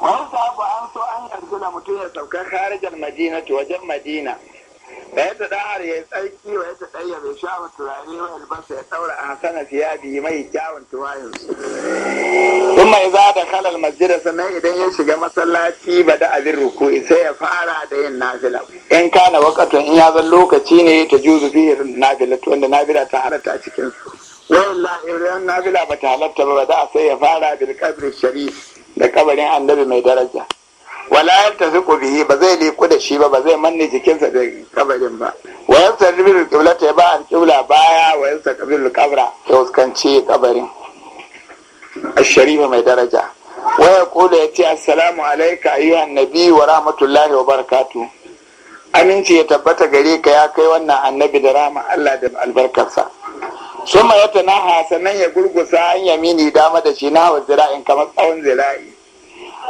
wani sabu an so an yanzu mutum ya sauka harajar madina wajen madina da yadda ɗahar ya tsarki wa yadda ɗaya bai sha wa turare wa albasa ya ɗaura a hasana fiya biyu mai kyawun tuwayin sun mai za da kalar masjida sannan idan ya shiga masallaci ba da abin ruku sai ya fara da yin nafila in na wakatun in ya zan lokaci ne ta juzu biyu nafila wanda nafila ta halatta cikinsu wayan la'irin nafila ba ta halatta ba da sai ya fara bil kabri sharif da kabarin annabi mai daraja wala zuku bihi ba zai liku da shi ba ba zai manne jikinsa da kabarin ba wa yastaqbilu ta ya ba qibla baya wa yastaqbilu kabra ta uskanci kabarin asharifa mai daraja wa ya ce assalamu alayka ayyuha annabi wa rahmatullahi wa barakatu aminci ya tabbata gare ka ya kai wannan annabi da rahama Allah da albarkarsa suma ya tanaha sannan ya gurgusa an yamini dama da shi na zira'in kamar tsawon zira'i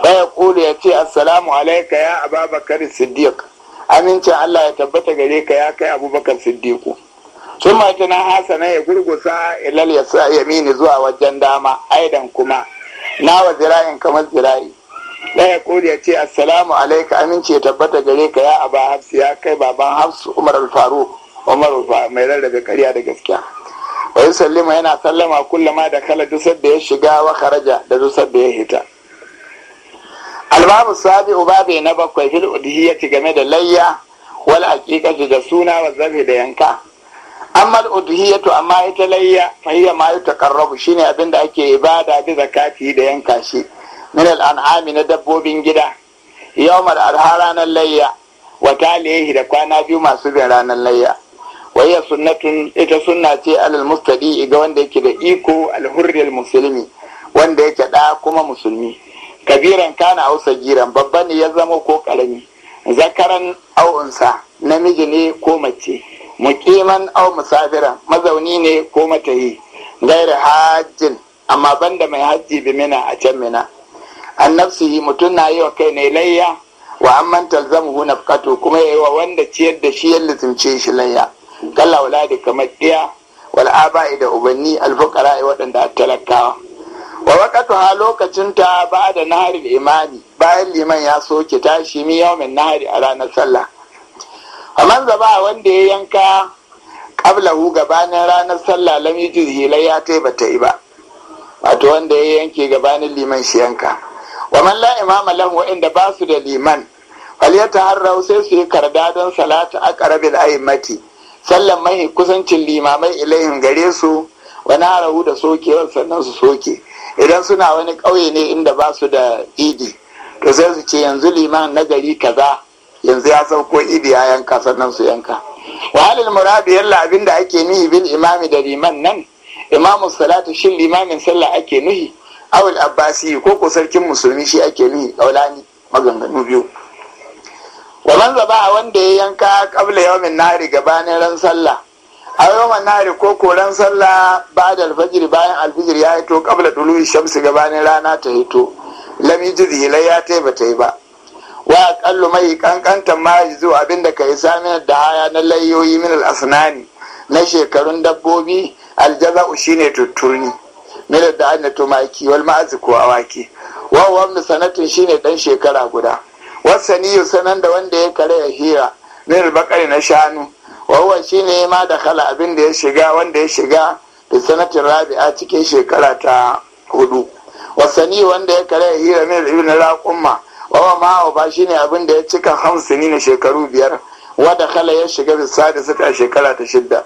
baya ya kulu ya ce assalamu alaika ya ababakar siddiq amincin Allah ya tabbata gare ka ya kai abubakar siddiqu sun mace na hasana ya gurgusa ilal ya sa mini zuwa wajen dama aidan kuma na wa zira'in kamar zira'i daya kodi ya ce assalamu alaika aminci ya tabbata gare ka ya aba hafsu ya kai baban hafsu umar alfaru umar mai rarrabe karya da gaskiya Wai sallima yana sallama kullama da kala dusar da ya shiga wa kharaja da dusar da ya hita albabu sabi bai na bakwai fil udhiyati game da layya wal haqiqatu da suna wa zabi da yanka amma udhiyatu amma ita layya fa hiya ma yutaqarrabu shine abinda ake ibada da zakati da yanka shi min al an'ami na dabbobin gida yawmal arha ranar layya wa talihi da kwana biyu masu bin ranar layya wa hiya sunnatun ita sunna ce al mustadi ga wanda yake da iko al hurri al muslimi wanda yake da kuma musulmi kabiran kana au sagiran babba ne ya zama ko karami zakaran au'unsa namiji ne ko mace mukiman au musafiran mazauni ne ko matahi gairi hajjin amma banda mai hajji bi mina a can mina an nafsihi mutum na yi wa kai ne layya wa an man talzamuhu nafqatu kuma yi wa wanda ciyar da shi ya lizimce shi layya kalla wala da kamar ɗiya wal aba'i da ubanni al fuqara waɗanda talakawa wa waqatuha lokacin ta ba da nahari imani bayan liman ya soke tashi mi yawmin nahari a ranar sallah A man zaba wanda ya yanka qablahu gabanin ranar sallah lamijin hilai ya tai ta yi ba wato wanda ya yanke gabanin liman shi yanka wa man la imama lahu wa inda basu da liman faliyata harrau sai su yi karda don salatu a karabin a'immati sallan mai kusancin limamai ilahin gare su wani rahu da sokewar sannan su soke idan suna wani ƙauye ne inda ba su da idi to sai su ce yanzu liman na gari kaza yanzu ya sauko idi ya yanka sannan su yanka wahalil muradu yalla abin da ake nuhi bil imami da liman nan imamu salatu shin limamin sallah ake nuhi awul abbasi ko ko sarkin musulmi shi ake nuhi kaulani maganganu biyu wa man zaba wanda ya yanka qabla yawmin nahri gabanin ran sallah a yawan nari ko koran sallah ba da alfajiri bayan alfijir ya hito kabla dulu shamsi gabanin rana ta hito lam yujzi ya ta ba ta yi ba wa kallu mai kankantan ma zuwa abinda yi samin da haya na layoyi min al na shekarun dabbobi aljaza'u shine tutturni min da tumaki wal ma'azi ko awaki wa wa min sanatin shine dan shekara guda wasani sanan da wanda ya kare ya hira min al na shanu wawa shi ne ma da kala abin da ya shiga wanda ya shiga da sanatin rabi'a cikin shekara ta hudu wasani wanda ya kare hira min ibn raqumma wawa ma ba shi ne abin da ya cika hamsini na shekaru biyar wada kala ya shiga da sadi suka shekara ta shidda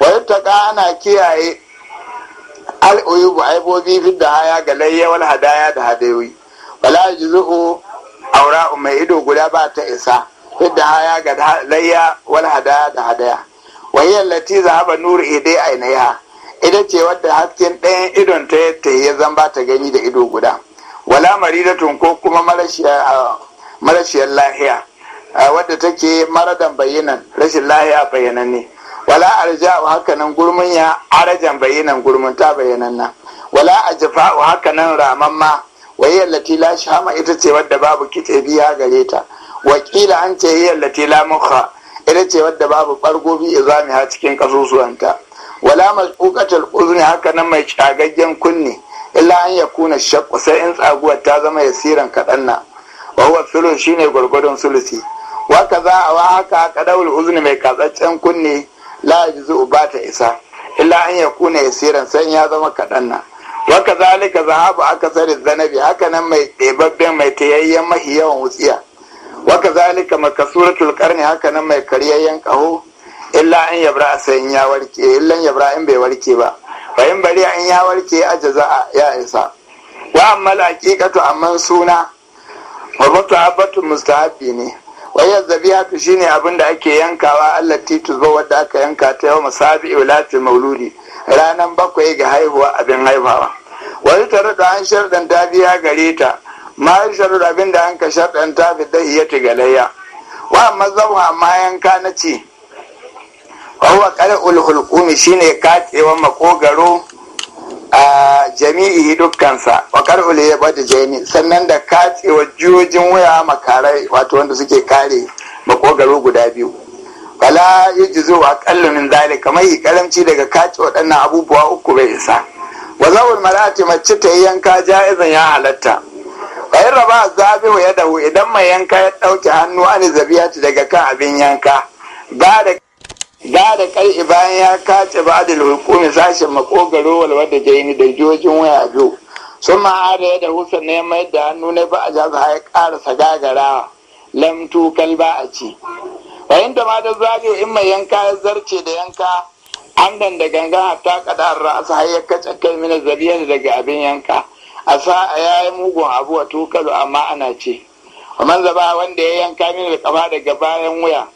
wayattaka ana kiyaye al'uyubu aibobi fi da haya ga layyawar hadaya da hadayoyi wala juzu'u aura mai ido guda ba ta isa fidda haya ga layya wal hadaya da hadaya wahiyar lati zahaba nuru idai ainiha ita ce wadda hasken ɗayan idon ta yadda ya zan ba ta gani da ido guda wala maridatun ko kuma marashiyar lahiya wadda take maradan bayanan rashin lahiya ne. wala arja'u hakanan gurmin ya arajan bayanan gurmin ta bayanan nan wala ajfa'u hakanan ramamma wayar lati la shama ita ce wadda babu kitse biya gare ta wakila an ce hiyar lati la ita ce wadda babu bargo bi izamiha cikin kasusuwanta wala masquqatul uzni haka nan mai cagaggen kunni illa an yakuna shaqqu sai in tsaguwar ta zama yasiran kadan na wa huwa thuluth shine gwargwadon sulusi wa kaza wa haka kadawul uzni mai katsaccen kunni la yajzu ba ta isa illa an yakuna yasiran sai ya zama kadan na wa kazalika zahabu akasarin zanabi haka nan mai ɗebabben mai tayayyen mahi yawan wutsiya waka zalika suratul karni haka nan mai karyayyen kaho illa an yabra ya warke illa yabra in bai warke ba fa in bari an ya warke a jaza'a ya isa wa amma laqiqatu amma suna wa mutahabbatu mustahabi ne wa ya zabihatu shine abin da ake yankawa Allah titu zo wadda aka yanka ta yau masabi ulati mauludi ranan bakwai ga haihuwa abin haifawa wani tare da an sharɗan dabiya gare ta ma yi abin da an ka sharɗanta fi ta galayya wa amma ma ma yanka na ce? wawa kare ulhulkumi shine katsewa makogaro a jami'i dukkansa wa kare ya bada jami sannan da katsewa jiyojin waya makarai wato wanda suke kare makogaro guda biyu wala yi zuwa a zale kamar yi karamci daga kace waɗannan abubuwa uku bai isa wa zawul marati mace ta yi yanka ja'izan ya halatta bayan raba wa ya dahu idan mai yanka ya ɗauke hannu an ta daga kan abin yanka ba da da kai bayan ya kace ba da hukumi sashen makogaro walwar da jaini da jojin waya biyu sun ma'ada ya da husa ya mai da hannu ne ba a jaza ya karasa gagara lamtu kalba a ci bayan da ma da in mai yanka ya zarce da yanka amdan da ganga ta kada ra'asa har ya kace kai mina zabiya daga abin yanka a sa'a ya yi mugun abu a tukalu amma ana ce man zaba wanda ya yanka min kama daga bayan wuya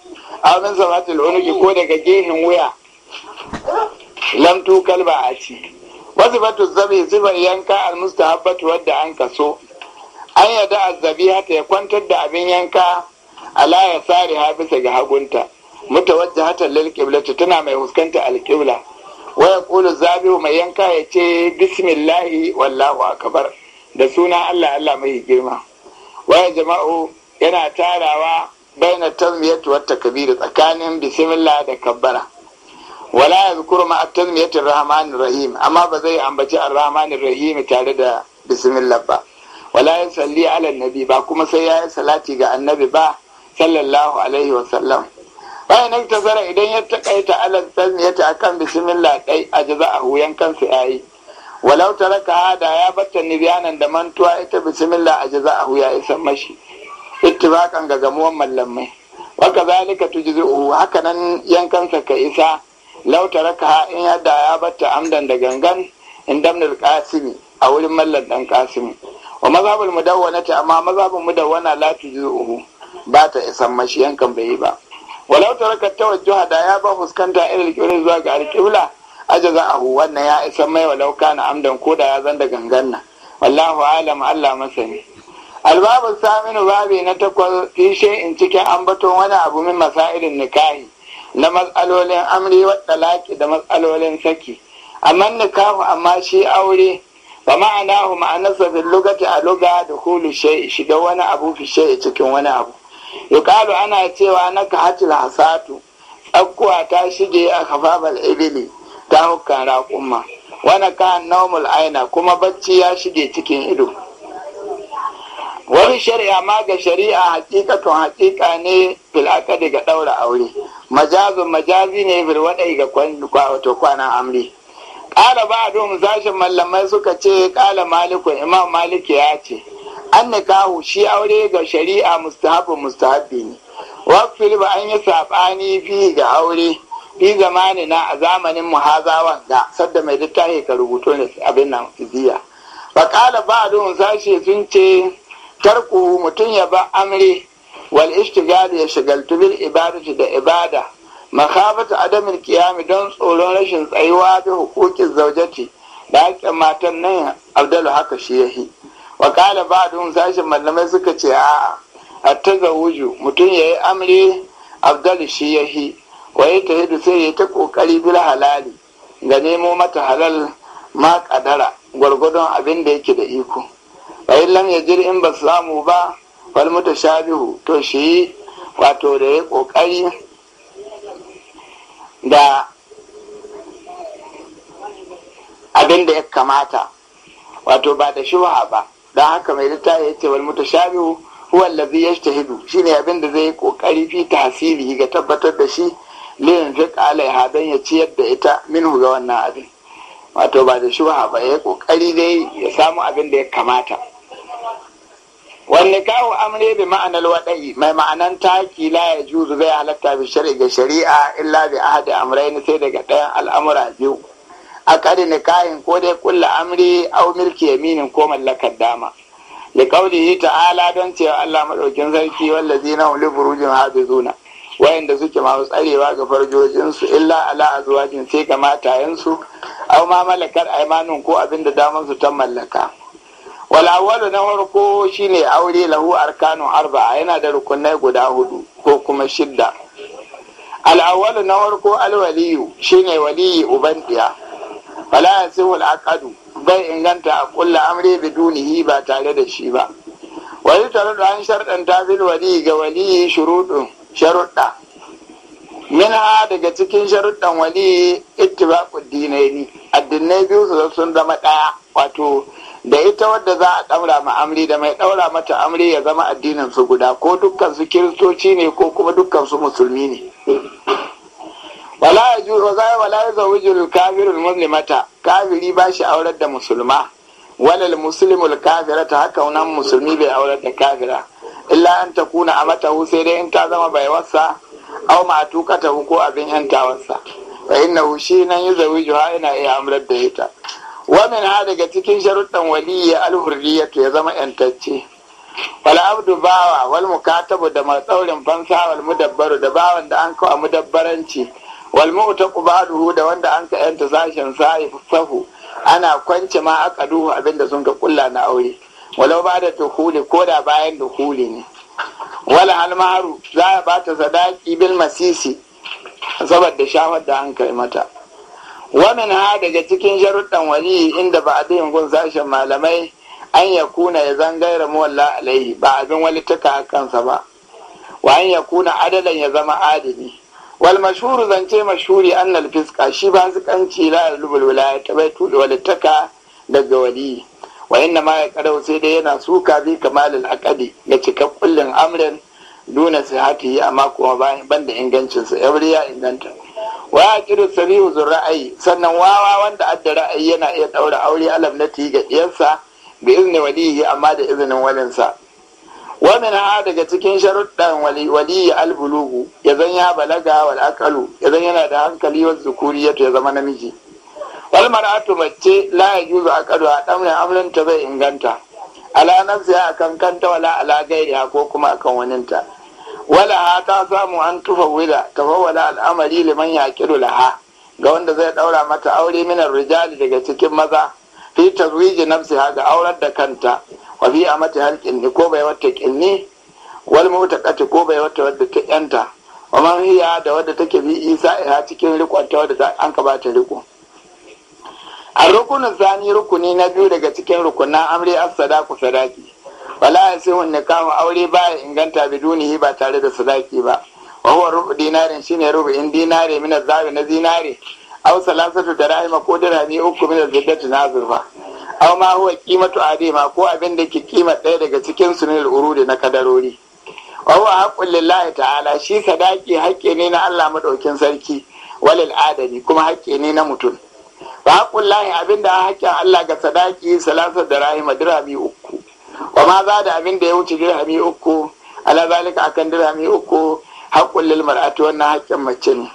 a wani zabatul unuki ko daga gehin wuya lam tukal ba a ci wasu batu zabi zubar yanka al mustahabbatu wadda an kaso an yada azzabi hata ya kwantar da abin yanka ala ya sare ha bisa ga hagunta mutawajjihatan lil qiblati tana mai huskanta alƙibla. wa Kulu zabi mai yanka ya ce bismillahi wallahu akbar da suna Allah Allah mai girma waya jama'u yana tarawa baina tazmiyat wa takbir tsakanin bismillah da kabbara wala yadhkuru ma at-tazmiyatu ar-rahman rahim amma ba zai ambaci ar-rahman rahim tare da bismillah ba wala yusalli ala nabi ba kuma sai ya yi salati ga annabi ba sallallahu alaihi wa sallam bayan nan ta zara idan ya takaita alal ta akan bismillah kai a jaza'ahu ya yayi walau raka da ya batta nibyanan da mantuwa ita bismillah a jaza'ahu ya isa mashi ittifaqan ga gamuwan mallamai wa kazalika tujzi'uhu haka nan yankansa ka isa lau taraka in yadda ya batta amdan da gangan in qasimi a wurin mallan dan qasimi wa mazhabul mudawwanati amma mazhabul mudawwana la tujzi'uhu ba ta isan mashi yankan bai yi ba walau taraka tawajjuha da ya ba fuskanta irin kibla zuwa ga alqibla a ahu wannan ya isa mai walau kana amdan ko da ya zan da na wallahu alam Allah masani albabu saminu babi na takwas fi in cikin ambaton wani abu min masailin nikahi na matsalolin amri wa talaki da matsalolin saki amma nikahu amma shi aure ba ma'ana ma'anarsa bil lugati a luga da hulu shay'i shiga wani abu fi cikin wani abu yuqalu ana cewa naka hatil hasatu akkuwa ta shige a kafafal ibili ta hukkan raƙumma wani ka naumul aina kuma bacci ya shige cikin ido wani shari'a ma ga shari'a hakikatun hakika ne filaka daga ɗaura aure majazin majazi ne bilwaɗai ga wato kwanan amri ƙara ba a zashin mallamai suka ce ƙala malikun imam maliki ya ce an nikahu shi aure ga shari'a mustahabu mustahabbi ne wakfil ba an yi saɓani fi ga aure fi zamani na a zamanin muhazawan da sadda mai littafi ka rubuto ne abin nan fiziya ba kala ba don sashe sun ce tarku mutum ya ba amri wal ishtigal ya shigaltu bil ibadati da ibada makhabata adamin kiyami don tsoron rashin tsayuwa da hukukin zaujati da haƙƙin matan nan abdalu haka shi yahi wa kala dun sashin malamai suka ce a at wuju, mutum ya yi amri Abdul shi ya Waye wa ya da sai ya ta kokari bil halali ga nemo mata halal ma kadara gwargwadon abin da yake da iko wa ya yajir in ba samu ba wal mutashabihu to shi wato da ya kokari da abin da ya kamata wato ba da shuha ba dan haka mai littafi ya ce wal mutashabihu huwa allazi yajtahidu shine abin da zai kokari fi tahsilihi ga tabbatar da shi lin fi alaiha dan ya ciyar da ita minhu ga wannan abin wato ba da shubha ba ya kokari dai ya samu abin da ya kamata wanne kawo amre bi ma'anar alwadai mai ma'anan taki la ya juzu bai halatta bi shari'a ga shari'a illa bi ahadi amrai sai daga ɗayan al'amura biyu a kari kayan ko dai kulla amri au milki yaminin ko mallakar dama da yi ta'ala don cewa Allah madaukin sarki wallazi na hum li furujin hafizuna wayanda suke masu tsarewa ga farjojinsu illa ala azwajin sai ga matayensu au ma malakar aymanun ko abinda damar su ta mallaka wal awwalu na farko shine aure lahu arkanun arba'a yana da rukunai guda hudu ko kuma shidda al awwalu na farko al waliyu shine waliyi uban diya fala wal aqadu bai inganta a kulla amri bidunihi ba tare da shi ba wani tare da an ta bil wali ga wali sharudda. sharuɗa ha daga cikin sharuɗan wali ittibaqud dinaini addinai biyu su sun zama ɗaya wato da ita wadda za a ɗaura ma amri da mai ɗaura mata amri ya zama addinin su guda ko dukkan su kiristoci ne ko kuma dukkan su musulmi ne wala ya ju za wala ya kafirin kafirul muslimata kafiri ba shi aurar da musulma walal muslimul ta haka wannan musulmi bai aurar da kafira illa an a mata sai dai in ta zama bai wasa aw ma tukata ko abin ta wasa fa innahu shi nan ya ha yana iya amrar da ita wa min ha daga cikin waliyyi ya alhurriyatu ya zama yantacce wala abdu bawa wal mukatabu da matsaurin fansa wal mudabbaru da bawan da an kawo mudabbaranci ta mu'taqu ba'duhu da wanda an ka yanta zashin sai sahu ana kwance ma aka duhu abinda sun ka kulla na aure walau ba da tuhuli ko da bayan tuhuli ne wala almaru za a ta sadaki bil masisi saboda shawar da an kai mata wamin ha daga cikin sharuɗan wali inda ba abin gun sashen malamai an ya kuna ya zangaira muwalla alaihi ba abin wali a kansa ba wa an ya kuna adalan ya zama adili wal mashhuru zance mashuri annal fiska shi ba zikanci la alubul wilaya ta bai tudu walittaka daga wali wa ina ma ya karau sai dai yana suka bi kamalul Akadi ga cika kullin amrin duna sihati amma kuma ban da ingancinsa yabri ya inganta wa ya kiru sarihu zur ra'ayi sannan wawa wanda adda ra'ayi yana iya ɗaura aure alam na ga diyarsa bi izinin walihi amma da izinin walinsa wa min daga cikin sharuɗan wali albulugu ya zan ya balaga wal aqalu ya zan yana da hankali wa zukuriyatu ya zama namiji wal mar'atu mace la yajuzu aqalu a damrin amrin ta bai inganta ala nafsi akan kanta wala ala gairiha ko kuma akan waninta wala ta samu an tufawwila tafawwala al'amari liman yaqilu laha ga wanda zai ɗaura mata aure minar rijali daga cikin maza fi tazwiji nafsiha ga aurar da kanta wafi a mata har kinni ko bai wata kinni wal mutaqati ko bai wata wadda ta yanta wa hiya da wadda take bi isa ha cikin rikon ta wadda an ka bata riko a rukunin zani rukuni na biyu daga cikin rukunan amri sadaku-sadaki. Bala sadaki wala wanne kawo aure baya inganta bidunihi ba tare da sadaki ba wa rubu dinarin shine in dinare mina zabi na zinare aw da rahima, ko dirhami uku mina az na aw ma huwa qimatu adima ko abin da ke kima ɗaya daga cikin su ne urudi na kadarori wa huwa haqqul lillahi ta'ala shi sadaki haƙƙi ne na Allah madaukin sarki walil adami kuma haƙƙi ne na mutum wa haqqul lahi abin da haƙƙin Allah ga sadaki salasa da rahima dirhami uku wa ma za da abin da ya wuce dirhami uku ala zalika akan dirhami uku haqqul lil mar'ati wannan haƙƙin mace ne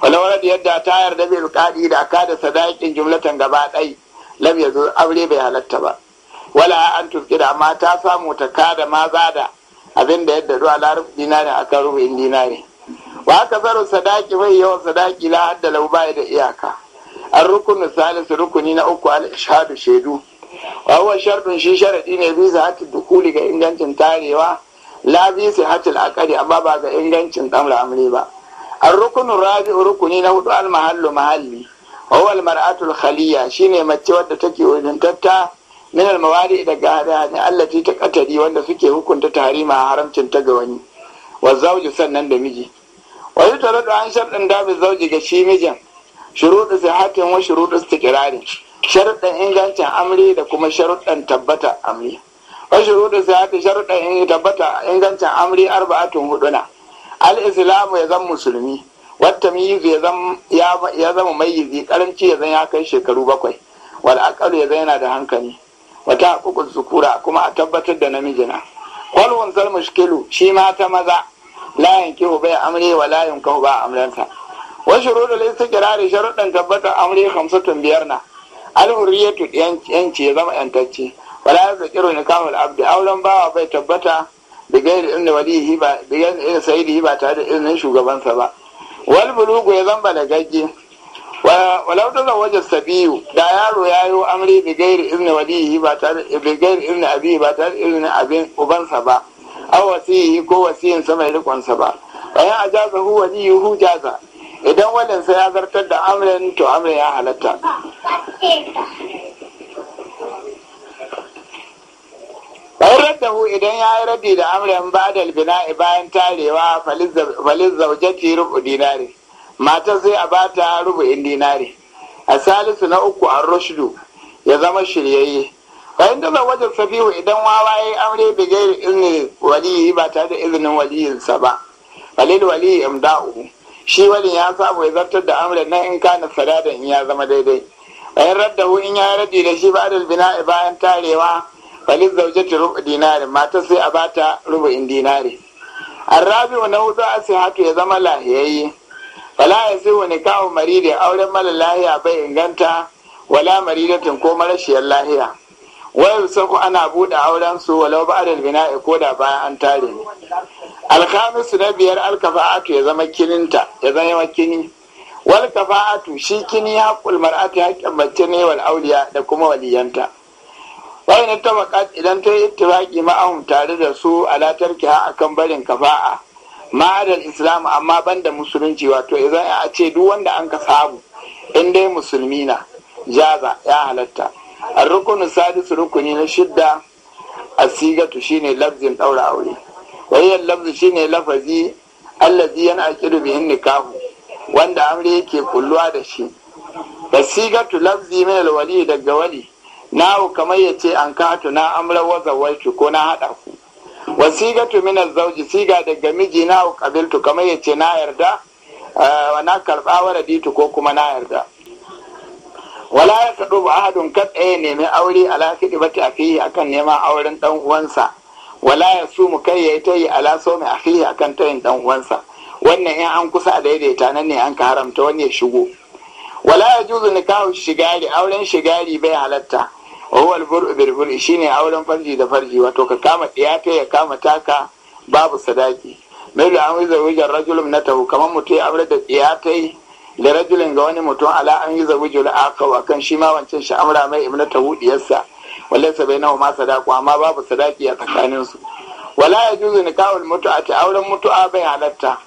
walawar yadda ta yarda bil qadi da aka da sadakin jumlatan gaba ɗaya lam yanzu aure bai halatta ba wala an tuki amma ta samu ta kada maza da abin da yadda zuwa larab dinari akan in dinari wa haka zaro sadaki mai yawan sadaki la hadda lau bai da iyaka an rukunu salisu rukuni na uku al shahadu shaidu wa huwa shi sharaɗi ne bisa hatin dukuli ga ingancin tarewa la bisa hatin akari amma ba ga ingancin ɗan ba an rukunu rabi'u rukuni na hudu al mahallu mahalli wawal mar'atul khaliya shine mace wadda take wajintatta min al mawadi daga hadani allati ta katari wanda suke hukunta tarima haramcin ta ga wani wa zauji sannan da miji wa tare da an sharɗin dabi zauji ga shi mijin shuruɗu sihatin wa shuruɗu istiqrarin sharuɗan ingancin amri da kuma sharuɗan tabbata amri wa shuruɗu sihatin sharuɗan tabbata ingancin amri arba'atun huduna al-islamu ya zan musulmi wata miyizu ya zama mayizi karanci ya ya kai shekaru bakwai wal aqalu ya yana da hankali wata haƙuƙul zukura kuma a tabbatar da namijina kwalwun zal mushkilu shi ma ta maza layin kihu bai amre wa layin kahu ba amranta wa shuruɗu da istiqrari sharuɗan tabbatar amre hamsatun biyar na alhurriyatu yanci ya zama yantacce wala yazakiru nikahul abdi auren bawa bai tabbata bigairi inda walihi ba bigairi inda sayyidihi ba tare da izinin shugabansa ba walbulugu ya zamba da gagge walau da waje sabiyu da yaro ya yi amri bi gairi izini waliyi ba tare bi gairi izini abi ba tare izini abin ubansa ba aw wasiyi ko wasiyin sa mai rikonsa ba bayan ajaza hu hu jaza idan wadansa ya zartar da amrin to amrin ya halatta bayar da hu idan ya yi rabi da ba da bina'i bayan tarewa falin zaujati rubu dinari matar zai a bata rubu'in dinari a salisu na uku a rushdu ya zama shiryayye bayan da wajen safihu idan wawa ya yi amre bigayar izinin waliyi ba tare da izinin waliyinsa ba falil waliyi imda'u shi wani ya samu ya zartar da amrin na in kana sadadan in ya zama daidai bayan raddahu in ya yi rabi da shi da bina'i bayan tarewa falin zaujatu rubu dinari mata sai a bata in dinari arrabi'u na sai asihatu ya zama lahiyayye Wala ya sai wani kawo maridi auren mala lahiya bai inganta wala maridatin ko marashiyar lahiya wayar ku ana buɗe auren su walau ba adal bina ko da bayan an tare ne alkhamisu na biyar alkafa'atu ya zama kininta ya zama kini wal kafa'atu shi kini haƙul mar'ati haƙƙin mace ne wal auliya da kuma waliyanta Wani na tabaqat idan ta yi ittifaqi ma'ahun tare da su a ala tarkiha kan barin kafa'a ma'adar islam amma ban da musulunci wato idan a ce duk wanda an ka samu in dai musulmi na jaza ya halatta Rukunin sadis rukuni na shidda asigatu shine lafzin ɗaura aure wayan lafzi shine lafazi allazi yana aqidu bihin nikahu wanda amri yake kulluwa da shi wasigatu lafzi min alwali daga wali nahu kamar ya ce an katu na amra wa zawaitu ko na haɗa ku tu min zauji siga daga miji nahu kabiltu kamar ya ce na yarda wa eh, na karɓa wa raditu ko kuma na yarda wala eh, ya taɗo ba ahadun kat ɗaya nemi aure ala ba bata a akan neman auren ɗan uwansa wala ya su mu kai ya yi tayi ala so mai afihi akan tayin ɗan uwansa wannan in an kusa a daidaita nan ne an ka haramta wani ya shigo wala ya juzu nikahu shigari auren shigari bai halatta huwal bur'u bil shi shine auren farji da farji wato ka kama ɗiyata ya kama taka babu sadaki mai an yi wujar rajulun na tahu kamar mutum ya aure da yi da rajulun ga wani mutum ala an yi a akawa akan shi ma wancan shi amra mai ibna tahu diyarsa wallaisa bai nawa ma sadaku amma babu sadaki a tsakaninsu wala ya juzu mutu mutu'a ta auren a bai halatta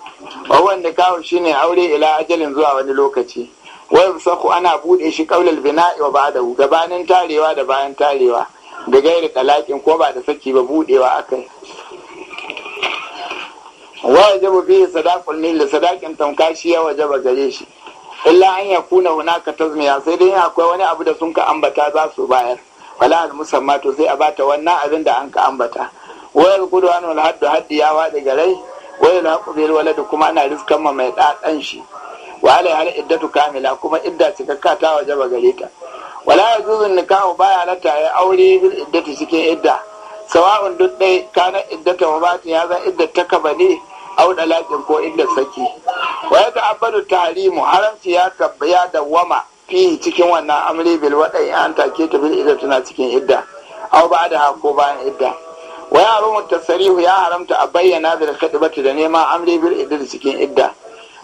wa huwa nikahul shine aure ila ajalin zuwa wani lokaci Wayar sako ana bude shi kaulal bina'i wa ba gabanin tarewa da bayan tarewa da gairi talakin ko ba da saki ba budewa akai yi wa jaba bihi sadaqul nil sadaqin tamka ya wajaba gare shi illa an yakuna hunaka tazmiya sai dai akwai wani abu da sun ka ambata za su bayar wala al musamma to sai a bata wannan abin da an ka ambata wayar gudu wal haddu haddi ya wada garai wayar haqu bil walad kuma ana riskan ma mai ɗaɗan shi wa alaiha iddatu kamila kuma idda cikakka ta waje ba gare ta wala yazuzun nikahu baya ta ya aure bil iddatu cikin idda sawa'un duk dai kana iddata wa batin ya zan idda ta kaba ne? aw dalakin ko idda saki wa ya ta'abbadu tahrimu haramci ya tabbaya wama fi cikin wannan amri bil wadai an take ta bil idda tana cikin idda aw ba da ko bayan idda wa ya rumu tasarihu ya haramta a bayyana bil bata da neman amri bil iddatu cikin idda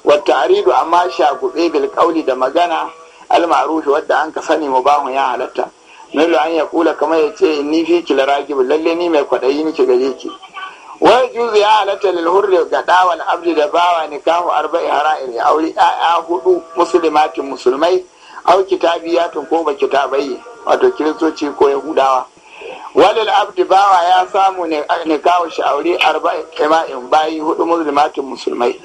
wata aridu amma gube bil kauli da magana al-ma'ruf wadda an ka sani mubahun ya halatta min an ya kula kamar ya ce ni fi ki la ragib lalle ni mai kwadayi niki gare ki wa juzu ya halatta lil hurri ga dawal abdi da bawa nikahu arba'i hara'in ya aure a hudu muslimatin musulmai au kitabiyatun ko ba kitabai wato kiristoci ko yahudawa walil abdi bawa ya samu nikahu shi aure arba'in bayi hudu muslimatin musulmai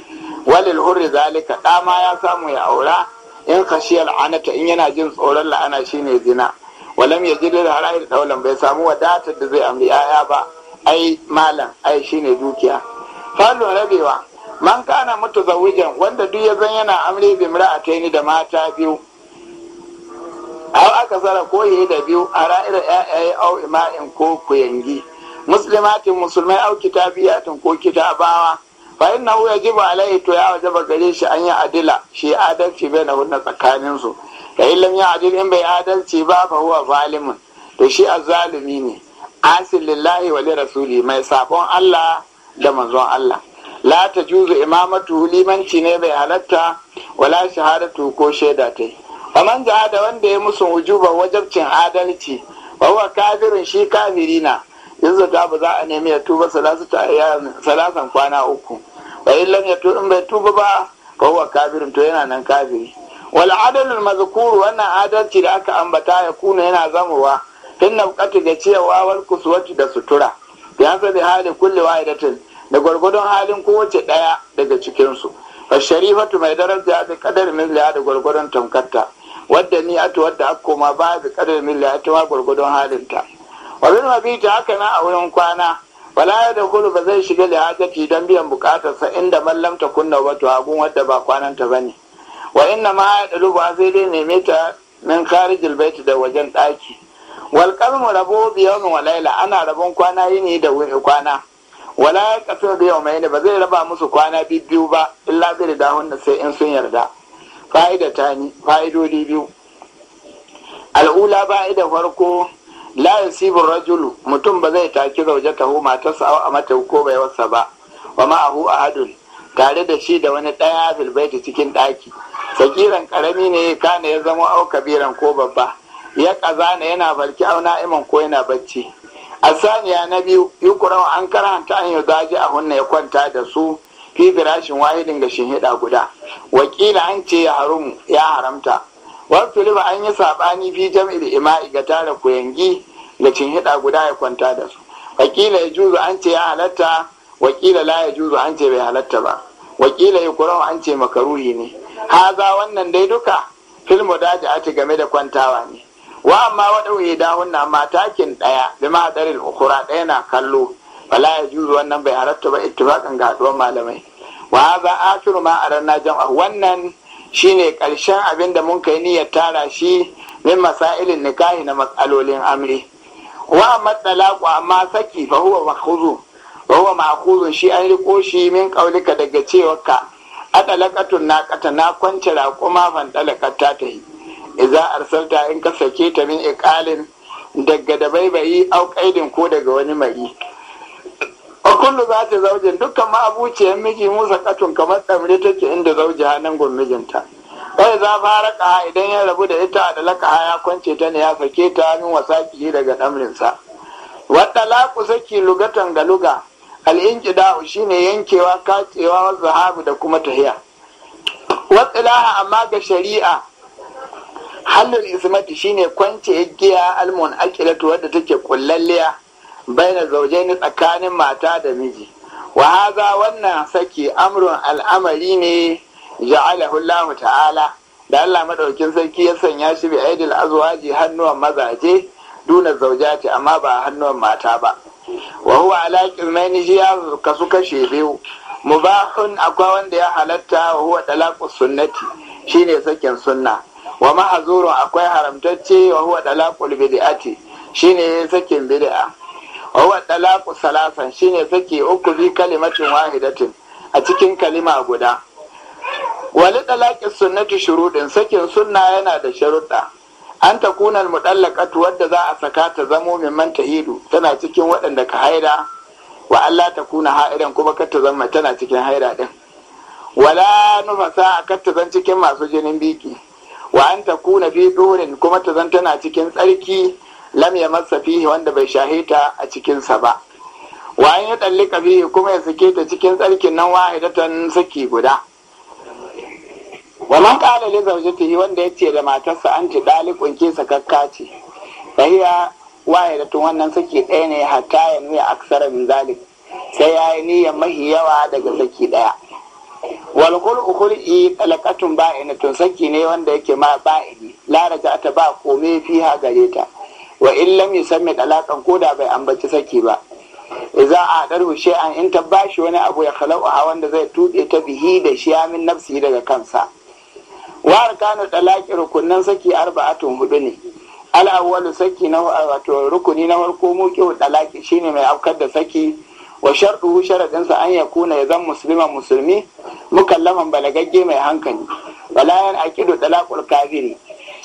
walil hurri zalika dama ya samu ya aura in khashiyal anata in yana jin tsoron la'ana shine zina walam yajid lil harair daulan bai samu wadatar da zai amri yaya ba ai malam ai shine dukiya falu rabewa man kana mutazawijan wanda duk ya zan yana amri bi imra'ataini da mata biyu aw aka zara ko yayi da biyu a ra'ira yayaye au ima'in ko kuyangi muslimatin musulmai aw kitabiyatin ko kitabawa fa inna hu yajibu alayhi to ya wajaba gare shi an yi adila shi adalci bai na hunna tsakanin su da illam ya adil in bai adalci ba fa huwa zalimun to shi azzalumi ne asil lillahi wa rasuli mai sabon Allah da manzon Allah la ta juzu imamatu limanci ne bai halatta wala shahadatu ko shaida tai faman da wanda ya musu wujuba wajabcin adalci wa huwa kafirin shi kafirina in zata ba za a nemi ya tuba salasan kwana uku wa illan ya tuba in bai tuba ba fa huwa kafirin to yana nan kafiri wal adalin mazkur wannan adalci da aka ambata ya kuna yana zamowa tun bukatu da cewa wal da sutura ya zabi hali kulli wahidatin da gwargwadon halin kowace daya daga cikin su fa sharifatu mai daraja bi min mithliha da gwargwadon tamkatta wadda ni atu wadda ba bi qadar mithliha ta gwargwadon halinta wazin ta haka na a wurin kwana wala da kulu ba zai shiga da hajjaci don biyan bukatarsa inda mallam ta kunna wato agun wadda ba kwananta ba ne wa inna ma ya da ba zai dai neme ta min kharijil baiti da wajen daki wal kalmu rabo biyawmin wa laila ana rabon kwana yini da wuri kwana wala ya kasu da yau mai ba zai raba musu kwana biyu ba illa zai da hunna sai in sun yarda fa'ida ta ni fa'idodi biyu al'ula ba'ida farko la yusibu rajulu mutum ba zai taki hu matarsa a mata ko bai wasa ba wa ma'ahu ahadun tare da shi da wani ɗaya bilbaiti cikin ɗaki sakiran karami ne kana ya zama au kabiran ko babba ya ne yana barki au na'iman ko yana bacci asaniya na biyu yukuran an karanta an yi zaji a hunna ya kwanta da su fi firashin wahidin ga shinhiɗa guda wakila an ce ya harum ya haramta wani filiba an yi saɓani fi jam'il ima'i ga tara kuyangi ga hida guda ya kwanta da su wakila ya juzu an ce ya halatta wakila la ya juzu an ce bai halatta ba wakila ya kurawa an ce makaruhi ne haza wannan dai duka filmu daji ati game da kwantawa ne wa amma wadau ya dahunna matakin daya bi mahadarin ukura daya na kallo bala ya juzu wannan bai halatta ba ittifaqan ga haduwar malamai wa haza akhiru ma aranna jam'a wannan shine ƙarshen abin da mun kai niyyar tara shi min masailin nikahi na matsalolin amri wa matsalaku amma saki fa huwa makhuzu huwa makhuzun shi an riko shi min kaulika daga cewarka adalakatun naqata na kwance raƙuma ban dalakata ta yi idza arsalta in ka sake ta min iqalin daga da baibayi au kaidin ko daga wani mari A kullu ta zaujin dukkan ma abuciyar miji musa katun kamar tsamre take inda zauji hannun mijinta kai za fara ka idan ya rabu da ita da laka ya kwance ta ne ya sake ta min wasaki daga damrinsa wadda laku saki lugatan ga luga shi shine yankewa katsewa wasu zahabu da kuma tahiya laha amma ga shari'a hannun ismati shine kwance igiya almon akilatu wadda take kullalliya baina zaujaini tsakanin mata da miji wa haza wannan saki amrun al'amari ne ja'alahu Allah ta'ala da Allah madaukin sarki ya sanya shi bi aidil azwaji hannuwan mazaje duna zaujati amma ba hannuwan mata ba wa huwa ala qirnaini ya kasu kashe biyu mubahun akwai wanda ya halatta wa huwa talaqus sunnati shine sakin sunna wa mahzurun akwai haramtacce wa huwa talaqul bid'ati shine sakin bid'a wa huwa talaqus salasan shine sake uku bi kalimatin wahidatin a cikin kalima guda wali dalakin sunnati shurudin sakin sunna yana da sharuɗa an ta kunar mutallakatu wadda za a saka ta zamo mimman ta hidu tana cikin waɗanda ka haida wa Allah ta kuna ha'idan kuma kar ta zama tana cikin haida ɗin wala sa a kar ta zan cikin masu jinin biki wa an ta kuna fi ɗorin kuma ta zan tana cikin tsarki lam ya masa fihi wanda bai shahita a cikinsa ba wa an ya ɗallika fihi kuma ya sake ta cikin tsarkin nan wahidatan saki guda wa man qala li zawjatihi wanda ce da matarsa an ci dalikun ke sakakka ce fahiya waye da tun wannan saki ɗaya ne hatta ya nuna aksara min zalik sai ya yi niyyar mahi yawa daga saki ɗaya wal alakatun ba'a talaqatun ba'inatun saki ne wanda yake ma ba'ini la ta ba kome fiha gare ta wa in lam yusammi talaqan koda bai ambaci saki ba Za a daru an in ta bashi wani abu ya a wanda zai tuɗe ta bihi da shi ya min nafsi daga kansa war arkanu talaki rukunnan saki arba'atun hudu ne al'awwalu saki na wato rukuni na farko muke talaki shine mai afkar da saki wa sharadin sharaɗinsa an ya kuna ya zan muslima musulmi mukallaman balagagge mai hankali walayan aqidu talaqul kafiri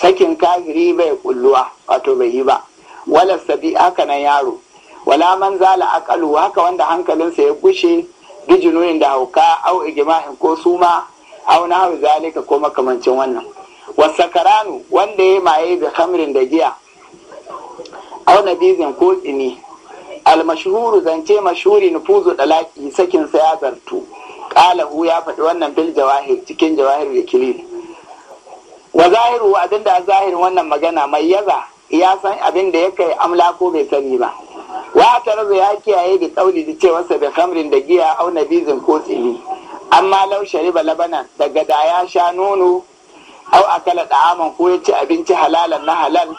sakin kafiri bai kulluwa wato bai yi ba wala sabi haka nan yaro wala man zala aqalu haka wanda hankalinsa ya gushe bijinoyin da hauka au igma'in ko suma aw hau zalika ko makamancin wannan wasakaranu wanda ya maye da hamrin da giya Auna bizin ko tsini almashuru zance mashhuri nufuzu dalaki sakin sa ya zartu ƙala hu ya faɗi wannan bil jawahir cikin jawahir da kilil wa zahiru abinda zahirin wannan magana mai yaza ya san abin da ya kai amla ko bai sani ba wa tarazu ya kiyaye da tsauli da cewa sa da da giya auna bizin ko tsini amma lau shariba labana daga da ya sha nono au a akala da'aman ko ya ci abinci halalan na halal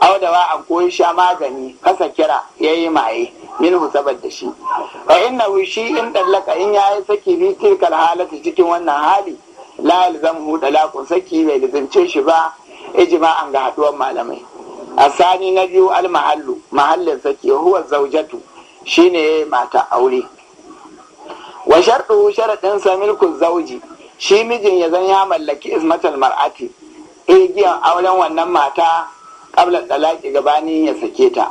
au da wa'an ko ya sha magani kasa kira ya yi maye minhu da shi wa inna shi in dallaka in ya yi saki bi tilkar halatu cikin wannan hali la huda lakun saki bai lazimce shi ba ijma'an ga haduwar malamai asani na biyu al mahallu mahallin saki huwa zaujatu shine mata aure wa sharɗu sharaɗin sa milku zauji shi mijin ya zan ya mallaki ismatal mar'ati eh, giyan auren wannan mata kabla talaki gabani ya sake ta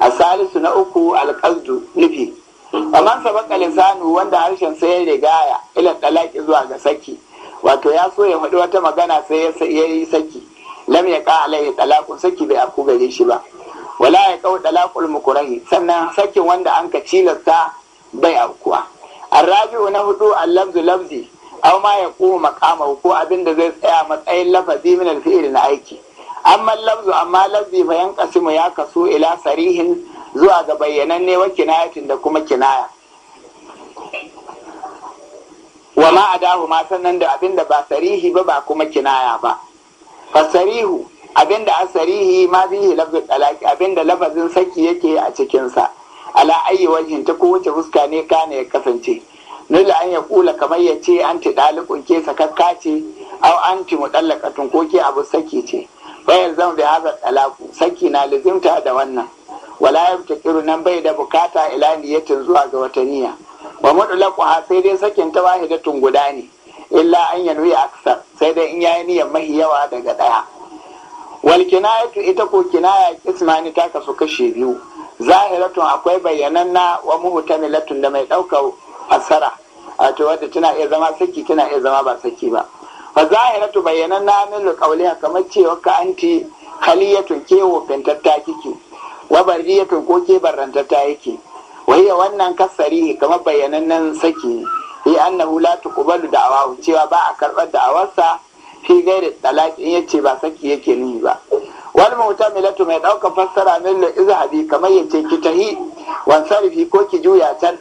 a salisu na uku alƙasdu nufi amman sabaka lisanu wanda harshen sai ya rigaya ila talaki zuwa ga saki wato ya so ya faɗi wata magana sai ya yi saki lam ya ka alaihi talaqun saki bai aku gare shi ba wala ya ƙau talaqul mukurahi sannan sakin wanda an ka cilasta bai aukuwa. الرابع نهدو اللفظ لفظي أو ما يقوم مقامه ko abin da zai tsaya matsayin lafazi min alfi'il na aiki amma lafzu amma lafzi fa yanqasimu ya kasu ila sarihin zuwa ga bayyananne wa kinayatin da kuma kinaya wa ma ma sannan da abin da ba sarihi ba kuma kinaya ba fasarihu abin da asarihi ma bihi lafzu talaqi abin da lafazin saki yake yi a cikinsa. ala ayi wajhin ta ko kowace fuska ne kana ya kasance nila an ya kula kamar ya ce anti dalikun ke sakakka ce au anti mudallaqatun ko ke abu saki ce bayar zan bi haza talaku saki na lazimta da wannan wala yabtakiru nan bai da bukata ila niyatin zuwa ga wata niyya wa mudlaqu ha sai dai sakin ta wahidatun guda ne illa an yanwi aksar sai dai in yayi niyyar mahi yawa daga daya wal kinayatu ita ko kinaya kismani ta kasu kashe biyu zahiratun akwai na wa milatun da mai ɗaukar fassara ce wadda tana iya zama saki tana iya zama ba saki ba fa zahiratu na min a kamar cewa ka anti khaliyatun ke wofintatta kike wa bariyatun ko ke barantatta yake wa ya wannan kasari kamar nan saki yi ta la da awa cewa ba a karɓar da awarsa fi gairi talaq in yace ba saki yake nuni ba wal mu'tamilatu mai ɗaukar fassara min la izhabi kamar yace ki tahi wan sarifi ko ki juya can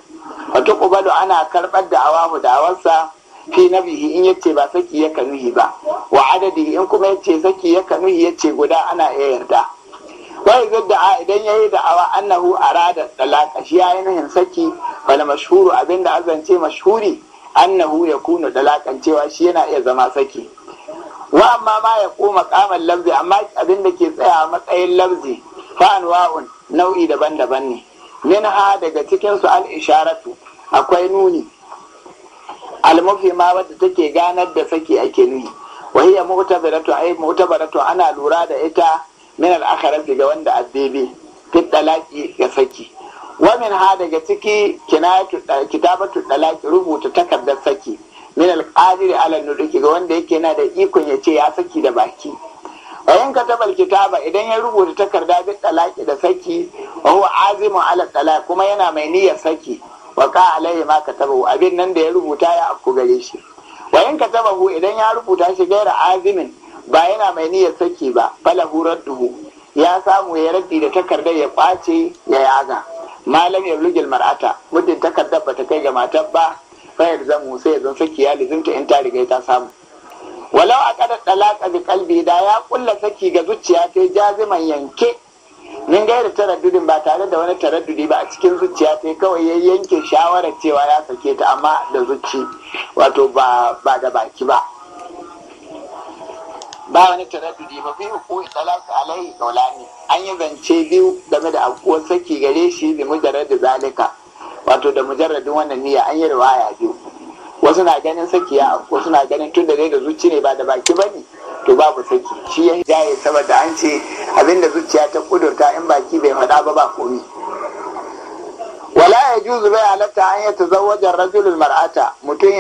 wa tuqbalu ana karɓar da awahu da awarsa fi nabihi in yace ba saki ya kanuhi ba wa adadi in kuma yace saki ya kanuhi yace guda ana iya yarda wai a idan yayi da awa annahu arada talaka shi ainihin hin saki bal mashhuru abinda azance mashhuri annahu yakunu talakan cewa shi yana iya zama saki wa amma ma ya koma kamar lamzi amma abin da ke tsaya a matsayin lamzi fa'anwa'un nau'i daban-daban ne min ha daga cikin su al isharatu akwai nuni ma wadda take ganar da saki ake nuni wa hiya mu'tabaratu ay mu'tabaratu ana lura da ita min al akharat daga wanda addebe fit dalaki ga saki wa min ha daga ciki kinayatu kitabatu dalaki rubuta takardar saki min alqadir ala nuduki ga wanda yake yana da ikon ya ce ya saki da baki wa in kataba kitaba idan ya rubuta takarda bi talaqi da saki wa huwa azimu ala talaq kuma yana mai niyyar saki wa ka alai ma katabahu abin nan da ya rubuta ya afku gare shi wa in katabahu idan ya rubuta shi gaira azimin ba yana mai niyyar saki ba falahu radduhu ya samu ya raddi da takardar ya kwace ya yaga malam ya rugil mar'ata muddin takardar ba ta kai ga matar ba fayar zan musa ya zan saki ya lizinta in ta riga ta samu walau a kada talaka bi kalbi da ya kulla saki ga zuciya ta jaziman yanke min gaida taraddudin ba tare da wani taraddudi ba a cikin zuciya ta kawai ya yanke shawarar cewa ya sake ta amma da zuci wato ba da baki ba ba wani taraddudi ba fi ko talaka alai kaulani an yi zance biyu game da abuwar saki gare shi bi da zalika wato da mujarradin wannan niyya an yi riwaya biyu wasu na ganin sakiya wasu na ganin tun da dai da zuci ne ba da baki bane to babu saki shi ya jaye saboda an ce abinda zuciya ta kudurta in baki bai faɗa ba ba komi wala ya juzu bai halatta an yi tazawajar rajulul mar'ata mutum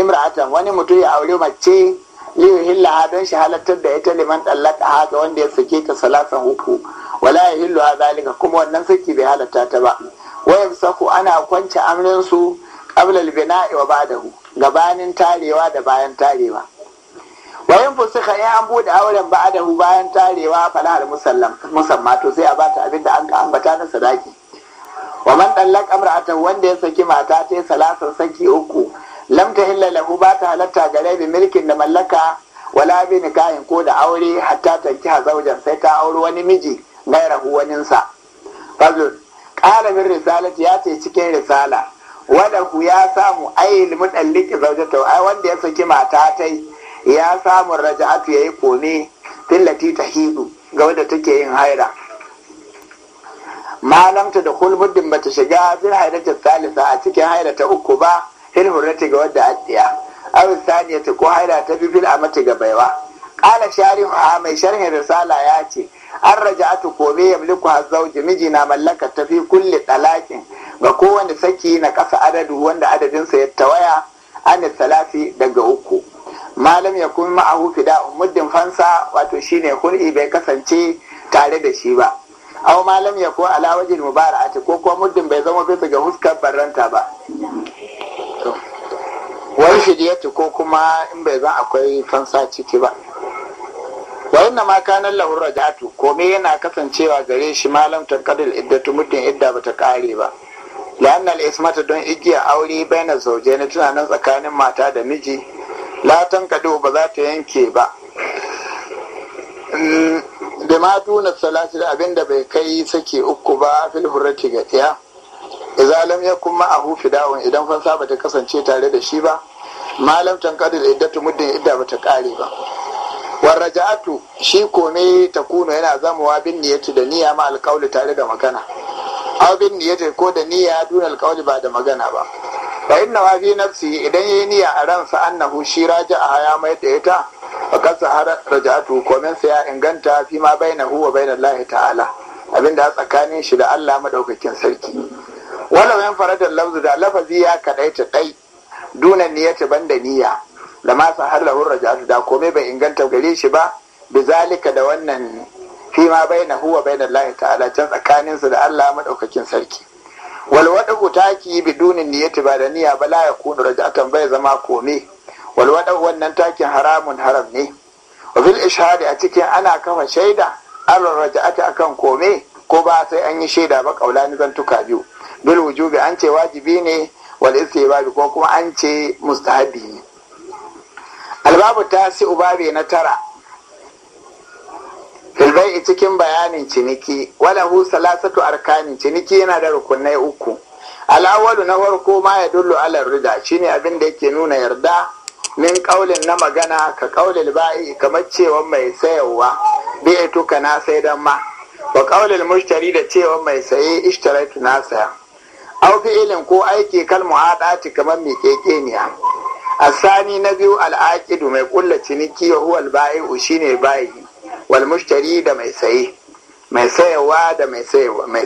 imra'atan wani mutum ya aure mace liyuhillaha don shi halattar da ita liman dallaka ga wanda ya sake ta salasan uku wala ya hillu ha zalika kuma wannan saki bai halatta ta ba wayan saku ana kwance amrinsu qablal bina'i wa ba'dahu gabanin tarewa da bayan tarewa wayan fusika in an bude auren ba'dahu bayan tarewa fala al musallam musamma to sai a bata abin da an ka ambata na sadaki wa man dallaka imra'atan wanda ya saki mata ta salasan saki uku lam illa lahu ba ta halatta gare bi milkin da mallaka wala bi nikahin ko da aure hatta tankiha zaujan sai ta auri wani miji gairahu waninsa fazul ƙalamin risalat ya ce cikin risala ku ya samu ayyul mudalliki zaujata ai wanda ya saki mata tai ya samu raja'atu yayi kome fillati tahidu ga wanda take yin haira malam ta da ba bata shiga bin hairata salisa a cikin haira ta uku ba hin hurrati ga wadda addiya saniya ta ko haira ta bibil a mata ga baiwa qala sharihu mai sharhin risala ya ce an raja'atu ko me yamliku hazauji miji na mallaka ta fi kulli talakin ga kowane saki na kasa adadu wanda adadinsa ya tawaya an salasi daga uku malam ya kuma ma'ahu fida muddin fansa wato shine hul'i bai kasance tare da shi ba aw malam ya ko ala wajin mubara'ati ko kuma muddin bai zama bisa ga huskar barranta ba wai shidiyatu ko kuma in bai zan akwai fansa ciki ba wa inna ma kana lahu raja'atu komai yana kasancewa gare shi malam taqadil iddatu muddin idda bata kare ba la'anna al-ismata don igiya aure baina zauje na tunanin tsakanin mata da miji la tankadu ba za ta yanke ba da mm, ma duna salati da abinda bai kai sake uku ba fil hurrati ga tsaya idza kuma a ma'ahu dawon idan fansa bata kasance tare da shi ba malam tankadu iddatu muddin idda bata kare ba warraja'atu shi kome ta kuno yana zamowa bin niyyatu da niyya ma alƙawli tare da magana aw bin niyyati ko da niyya dun alƙawli ba da magana ba fa inna wa fi nafsi idan yayi niyya a ransa annahu shi raja'a ya mai da ita kasa har raja'atu komen sa ya inganta fi ma bainahu wa bainallahi ta'ala abinda a tsakanin shi da Allah madaukakin sarki walau yan faradar lafzu da lafazi ya kadaita dai duna niyyati banda niyya lama sa raja raja'atu da komai bai inganta gare shi ba bi zalika da wannan fi ma baina huwa baina lahi ta'ala can tsakanin su da Allah maɗaukakin sarki Walwaɗa wadu taki dunin niyyati ba da niyya ba la raja raja'atan bai zama komai Walwaɗa wannan takin haramun haram ne wa fil ishadi a cikin ana kafa shaida an raja'ata akan komai ko ba sai an yi shaida ba kaulani zantuka biyu bil wujubi an ce wajibi ne wal istibabi ko kuma an ce mustahabi ne albabu ta si ubabe na tara filbai cikin bayanin ciniki walahu salasatu arkanin ciniki yana da rukunai uku al'awalu na farko ma ya dullu ala rida shine abin da yake nuna yarda min kaulin na magana ka kaulil ba'i kamar cewa mai sayarwa bi tuka na sai dan ma wa kaulil mushtari da cewa mai saye ishtaraitu na saya au ilin ko aiki kal mu'adati kamar ƙeƙeniya. asani na biyu al'aƙidu mai ƙulla ciniki wa huwa al shine bayi wal mushtari da mai saye mai sayawa da mai sayawa mai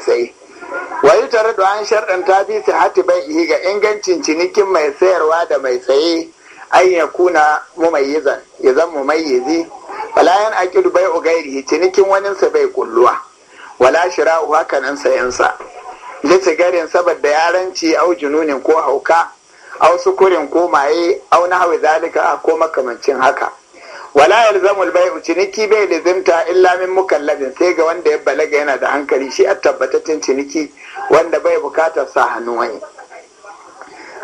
tare da an ta fi ga ingancin cinikin mai sayarwa da mai saye an ya kuna mumayyizan ya zan mumayyizi walayan aqidu bai'u gairihi cinikin waninsa bai kulluwa wala shira'u hakanan sayansa da sigarin saboda yaranci au jununin ko hauka aw sukurin ko maye aw hawa zalika ko makamancin haka wala yalzamul bai'u ciniki bai da zimta illa min mukallafin sai ga wanda ya balaga yana da hankali shi a tabbataccen ciniki wanda bai bukatar sa hannu wani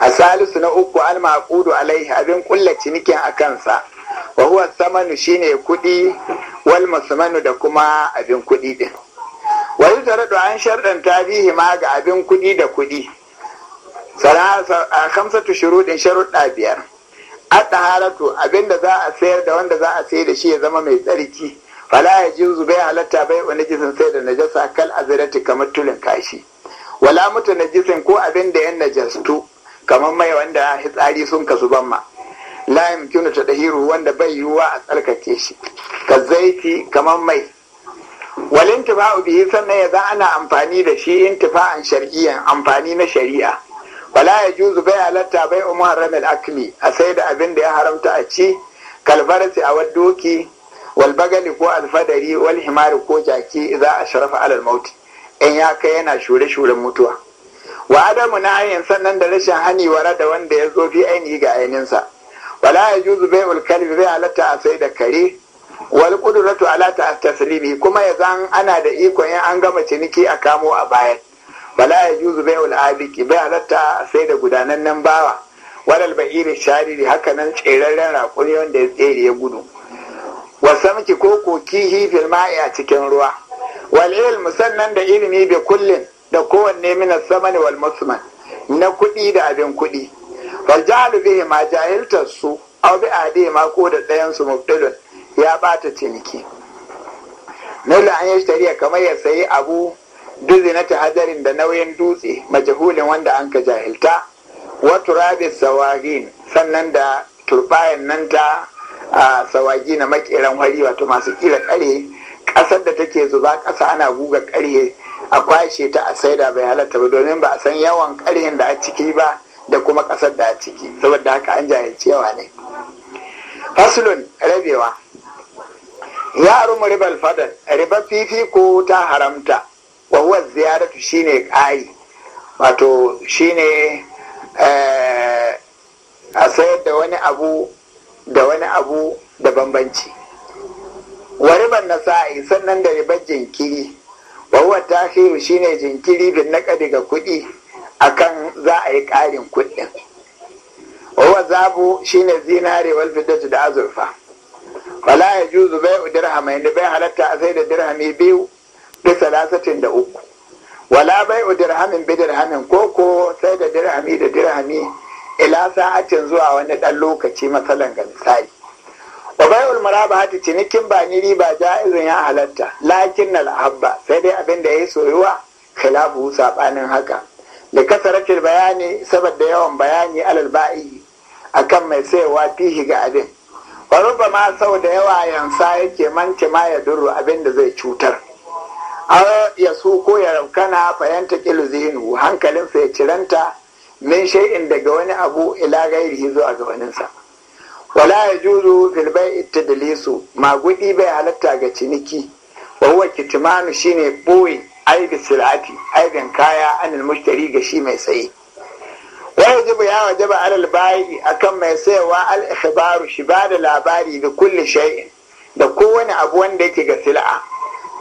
a salisu na uku al maqudu alaihi abin kulla cinikin a kansa wa huwa samanu shine kuɗi, wal masmanu da kuma abin kudi din wa yuzaradu an sharɗan tarihi ma ga abin kuɗi da kuɗi? Hamsatu shuruɗin sharuɗa biyar adda halatu abinda za a sayar da wanda za a sayar da shi ya zama mai tsarki fala ya ji bai halatta bai wani jisin sai da najasa kal azirati kamar tulin kashi wala mutu najisin ko abin da yan najastu kamar mai wanda hitsari sun kasu ban ma la yumkinu tadahiru wanda bai yiwuwa a tsarkake shi ka zaiti kamar mai walin tufa'u bihi sannan ya za ana amfani da shi intifa'an shar'iyyan amfani na shari'a Wala ya juzu bai halatta bai umar ramil akmi a sai da abin da ya haramta a ci kalbarsi a waddoki walbagali ko alfadari wal himari ko jaki za a sharafa alal mauti in ya kai yana shure-shuren mutuwa wa adamu na ayin sannan da rashin hani wara da wanda ya zo fi ainihi ga ainihinsa wala ya juzu bai ulkalbi bai halatta a sai da kare wal kudratu ala ta taslimi kuma ya zan ana da ikon in an gama ciniki a kamo a bayan bala ya juzu bai wal abiki bai halatta sai da gudanannen bawa walal ba'iri shariri haka nan tserarren raƙuri wanda ya tsere ya gudu Wasanki ko koki, hifin ma'i a cikin ruwa wal ilm sannan da ilimi bi kullin da kowanne min samani wal na kuɗi da abin kuɗi wal jihar bihi ma jahiltar su aw bi ade ma ko da ɗayan su mubtilun ya ɓata ciniki nila an yi kamar ya sayi abu duzinata hadarin da nauyin dutse majahulin wanda an ka jahilta wato rabi sawagin sannan da turbayan nan ta a sawagi na makeran wari wato masu kira kare ƙasar da take zuba ƙasa ana guga kare a kwashe ta a saida bai halatta ba domin ba a san yawan ƙarhen da a ciki ba da kuma ƙasar da a ciki saboda haka an jahilci yawa ne Faslun rabewa ya rumu ribar fadal riba fifiko ta haramta wa ziyaratu ziyaratu shine ƙari wato shine eh, a sayar da wani abu da wani abu da bambanci wa nasa'i sannan da ribar jinkiri wa ta shi shine jinkiri bin naqadi ga kuɗi akan za a yi ƙarin kuɗin wa zabu shine zinare wal da azurfa wala yajuzu bai'u dirhamain da bai halatta a sai da dirhami biyu bi salasatin da uku wala bai'u dirhamin bi dirhamin ko ko sai da dirhami da dirhami ila sa'atin zuwa wani dan lokaci matsalar ga misali wa maraba hati cinikin ba ni riba jaizun ya halatta lakin al habba sai dai abin da yayi soyuwa khilafu sabanin haka da kasaratul bayani saboda yawan bayani alal ba'i akan mai sayawa fihi ga abin wa ma sau da yawa yansa yake manta ma ya duru abin da zai cutar har ya so ko ya raukana fahimta kilu zinu hankalin fa min shay'in daga wani abu ila gairihi zuwa a gabaninsa. wala ya juzu filbai bai'i ma magudi bai halatta ga ciniki wa huwa shi shine boye aibi silati aibin kaya anil mushtari ga shi mai saye jibu ya wajaba alal bayi akan mai sayawa al ikhbaru shi ba da labari da kulle shay'in da kowane abu wanda yake ga sil'a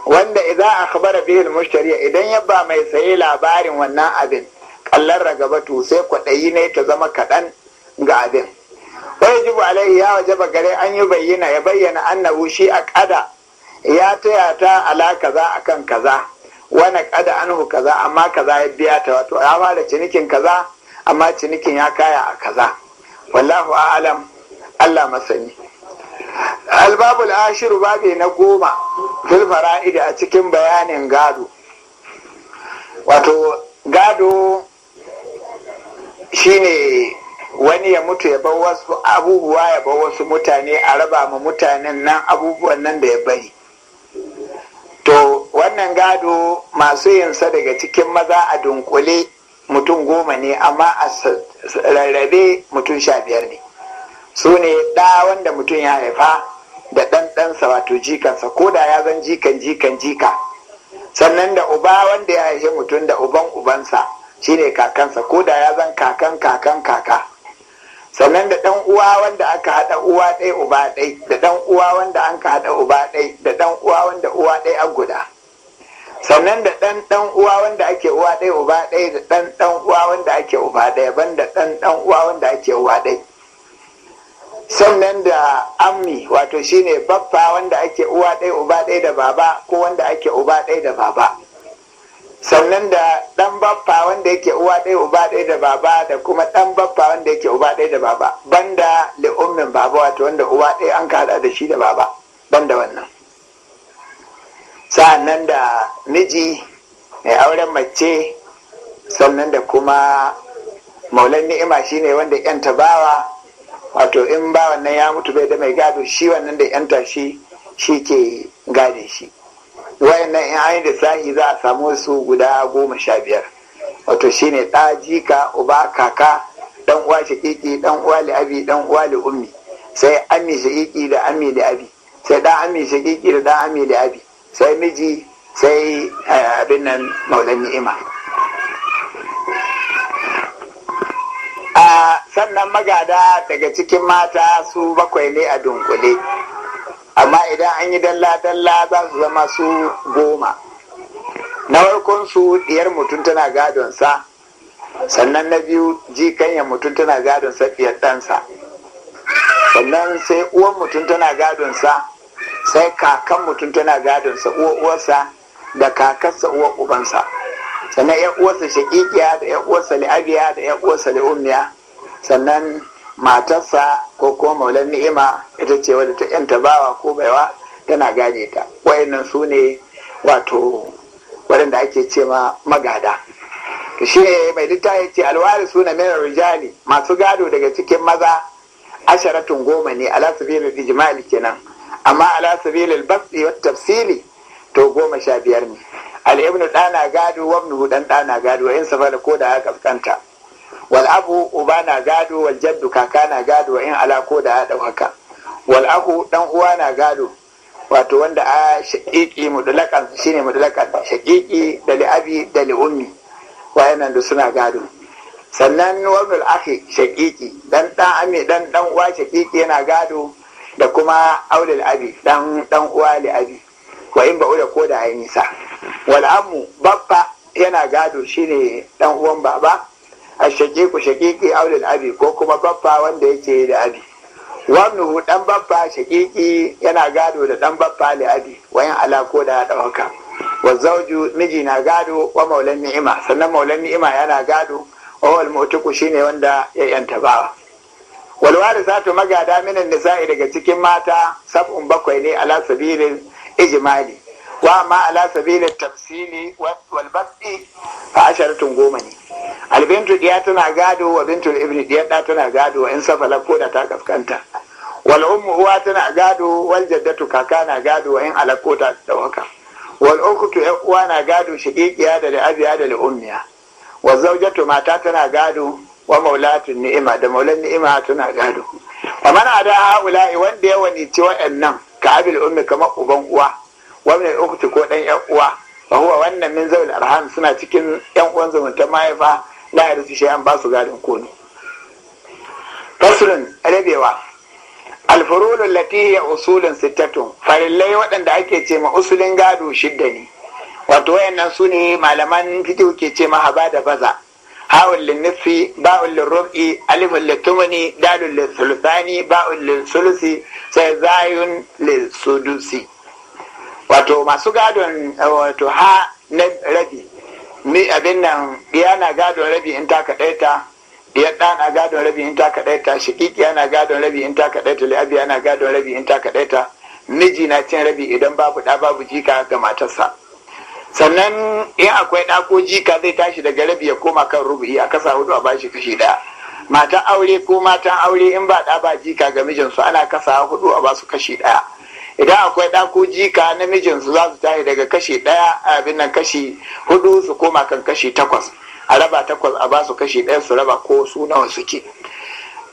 wanda idza akhbara bihi al-mushtari idan ya ba mai saye labarin wannan abin kallar ragabatu sai kwaɗayi ne ta zama kaɗan ga abin wai jibu alaihi ya waje gare an yi bayyana ya bayyana annabu shi a ƙada ya taya ta ala kaza akan kaza wani ƙada anhu kaza amma kaza ya biya ta wato ya fara cinikin kaza amma cinikin ya kaya a kaza wallahu alam allah masani albabul ashiru babi na goma fil fara'id a cikin bayanin gado wato gado shine wani ya mutu ya bar wasu abubuwa ya bar wasu mutane a raba ma mutanen nan abubuwan nan da ya bari to wannan gado masu yinsa daga cikin maza a dunkule mutum goma ne amma a rarrabe mutum sha biyar ne su ne ɗa wanda mutum ya haifa da ɗanɗansa wato jikansa ko da ya zan jikan jikan jika sannan da uba wanda ya haifi mutum da uban ubansa shine kakansa ko da ya zan kakan kakan kaka sannan da ɗan uwa wanda aka haɗa uwa ɗai uba ɗai da ɗan uwa wanda an ka haɗa uba ɗai da ɗan uwa wanda uwa ɗai an guda sannan da ɗan ɗan uwa wanda ake uwa ɗai uba ɗai da ɗan ɗan uwa wanda ake uba ɗai ban da ɗan ɗan uwa wanda ake uwa ɗai sannan da ammi wato shine baffa wanda ake uwa ɗaya uba ɗaya da baba ko wanda ake uba ɗaya da baba sannan da ɗan baffa wanda yake uwa ɗaya uba ɗaya da baba da kuma ɗan baffa wanda yake uba ɗaya da baba banda da ummin baba wato wanda uwa ɗaya an haɗa da shi da baba banda wannan sannan da miji mai auren mace sannan da kuma maulan ni'ima shine wanda 'yan bawa. wato in ba wannan ya mutu bai da mai gado shi wannan da yanta shi shi ke gane shi wayannan in an yi da sahi za a samu su guda goma sha biyar wato shine ɗa jika uba kaka dan uwa shaƙiƙi dan uwa li abi dan uwa li ummi sai ami shaƙiƙi da ami li abi sai da ami shaƙiƙi da da ami li abi sai miji sai eh, abin nan maulan ni'ima ah, sannan magada daga cikin mata su bakwai ne a dunkule amma idan an yi dalla-dalla za su zama su goma na farkon su diyar mutum tana gadonsa sannan na biyu jikanya mutum tana gadonsa fiye ɗansa sannan sai uwan mutum tana gadonsa sai kakan mutum tana gadonsa uwa uwarsa da kakarsa uwa ubansa sannan yan uwarsa shaƙiƙiya da yan uwarsa li'abiya da yan uwarsa li'ummiya sannan matarsa ko kuma maulan ni'ima ita ce wadda ta yanta bawa ko baiwa tana gane ta wayannan su ne wato waɗanda ake ce ma magada shi mai littafi ce alwari suna mera rijali masu gado daga cikin maza asharatun goma ne ala sabilil kenan amma ala sabilil basti tafsili to goma sha biyar ne al ɗana dana gado wa ibnu dan dana gado yin safar da ko da ya kaskanta wal uba na gado wal kaka na gado in ala ko da ya dauka wal aku dan uwa na gado wato wanda a shaƙiƙi mudulakan shine mudulakan shaƙiƙi da li'abi da li'ummi wayannan da suna gado sannan wabnul akhi shaƙiƙi dan dan ami dan dan uwa shaƙiƙi yana gado da kuma aulil abi dan dan uwa li'abi wa in ba'u ko da ayi nisa wal ammu babba yana gado shine dan uwan baba ashaqiqu shaqiqi aulil abi ko kuma baffa wanda yake da abi wannan ɗan baffa shaƙiƙi yana gado da ɗan baffa li abi wayan alako da dauka waka wazzauju miji na gado wa maulan ni'ima sannan maulan ni'ima yana gado wa wal mutuku shine wanda ya yanta bawa Walwari warithatu magada minan nisa'i daga cikin mata sab'un bakwai ne ala sabilin ijimali wa ma ala sabilin tafsili wal a fa asharatun goma ne albintu diya tana gado wa bintul ibni diya da tana gado in safala ko da ta kaskanta wal ummu uwa tana gado wal jaddatu kaka na gado wa in alako ta waka. wal ukhtu uwa na gado shaqiqiya da da abiya da ummiya wa zawjatu mata tana gado wa maulatu ni'ima da maulan ni'ima tana gado fa man ada haula'i wanda ya wanici wa'annan ka abil ummi kamar uban uwa wa min ukhti ko dan yan uwa wa huwa wannan min zawil arham suna cikin yan uwan zumunta mahaifa la ya rufi an ba su garin komi fasulun rabewa alfurulun latihiya usulun sittatun farillai waɗanda ake ce ma usulin gado shidda ne wato wayannan su ne malaman fikihu ke ce ma haba da baza ha'un linnufi ba'un lirrubi alifun litumuni dalun lissulsani ba'un lissulsi sai zayun lissudusi wato masu gadon wato ha na rabi mi abin nan ya na gadon rabi in ta kaɗaita ya ɗa na gadon rabi in ta kaɗaita shakiki yana gadon rabi in ta kaɗaita li'abi yana gadon rabi in ta kaɗaita miji na cin rabi idan babu ɗa babu jika ga matarsa sannan in akwai ɗa ko jika zai tashi daga rabi ya koma kan rubu'i a kasa hudu a bashi kashi ɗaya matan aure ko matan aure in ba ɗa ba jika ga mijinsu ana kasa hudu a basu kashi ɗaya idan akwai ɗa ko jika namijin su za su tashi daga kashi ɗaya abin nan kashi hudu su koma kan kashi takwas a raba takwas a basu kashi ɗaya su raba ko su nawa suke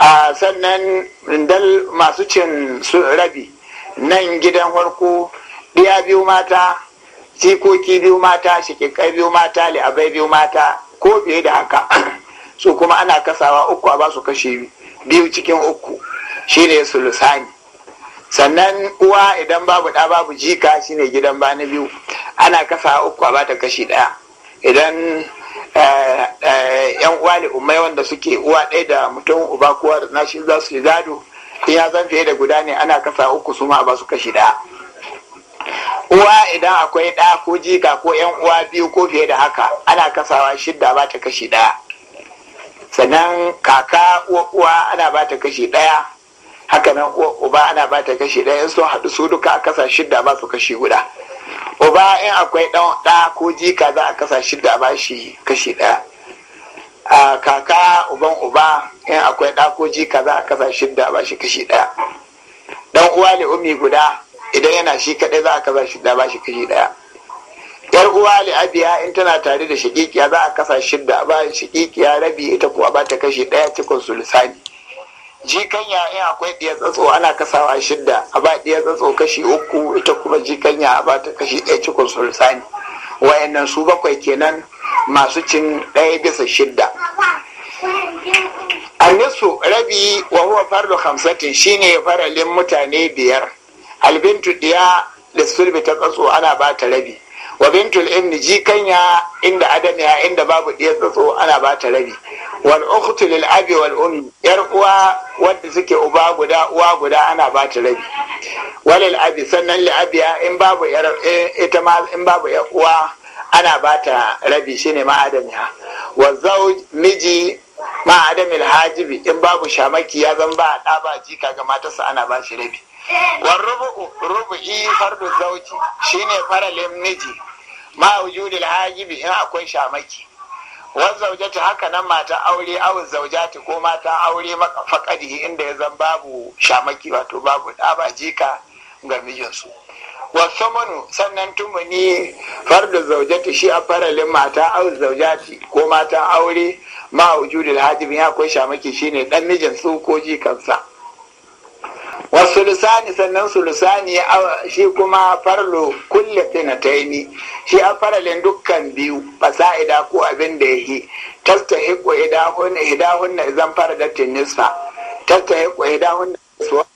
a sannan dal masu cin su rabi nan gidan harko ɗiya biyu mata jikoki biyu mata shikikai biyu mata li'abai biyu mata ko biye da haka su kuma ana kasawa uku a basu kashi biyu cikin uku shine sulsani. sannan uwa idan babu ɗa babu jika shine gidan ba na biyu ana kasa uku a bata kashi ɗaya idan eh, eh, yan uwa ne umai wanda suke uwa ɗaya da mutum uba kowa da nashi za su gado in ya zan fiye da guda ne ana kasa uku su ma ba su kashi ɗaya uwa idan akwai ɗa ko jika ko yan uwa biyu ko fiye da haka ana kasawa shidda ba ta kashi ɗaya sannan kaka uwa ana ba ta kashi ɗaya haka nan uba ana ba ta kashi ɗaya in sun haɗu su duka a kasa shida ba su kashi guda uba in akwai ɗan ɗa ko jika za a kasa shida ba shi kashi ɗaya a kaka uban uba in akwai ɗa ko jika za a kasa shida ba shi kashi ɗaya ɗan uwa ne umi guda idan yana shi kaɗai za a kasa shida ba shi kashi ɗaya yar uwa li abiya in tana tare da shaƙiƙiya za a kasa shida ba shaƙiƙiya rabi ita kuwa ba ta kashi ɗaya cikin sulisani jikanya in akwai ɗiyar tsatso ana kasawa shidda a ba ɗiya tsatso kashi uku ita kuma jikanya a ba ta kashi ɗaya cikin sulsani wayannan su bakwai kenan masu cin ɗaya bisa shidda annisu rabi wa huwa fardu hamsatin shine faralin mutane biyar albintu ɗiya sulbi ta tsatso ana ba ta rabi wa bintul ibni jikanya inda adam ya inda babu ɗiyar tsatso ana ba ta rabi wal ukhtu lil abi wal ummi yar uwa wanda suke uba guda uwa guda ana ba ta rabi walil abi sannan li in babu yar eh, ita ma in babu yar uwa ana ba ta rabi shine ma ha wa zawj miji ma adamil hajibi in babu shamaki ya zan ba da ba jika ga matarsa ana ba shi rabi wal rubu yi fardu zawji shine faralin miji ma wujudil hajibi in akwai shamaki wanzaujati haka nan mata aure aw zaujati ko mata aure maka inda ya zan babu shamaki wato babu da jika ga mijinsu Wasu manu sannan tumuni farda zaujati shi a faralin mata aw zaujati ko mata aure ma wujudul hajibin akwai shamaki shine dan mijinsu ko jikansa wasu lusani sannan su lusani shi kuma farlo kulle finataini shi a faralin dukkan biyu ba fasa'ida ko abin da ya yi tasta hiko hidahunna idan faradatin nisfa tasta hiko hidahunna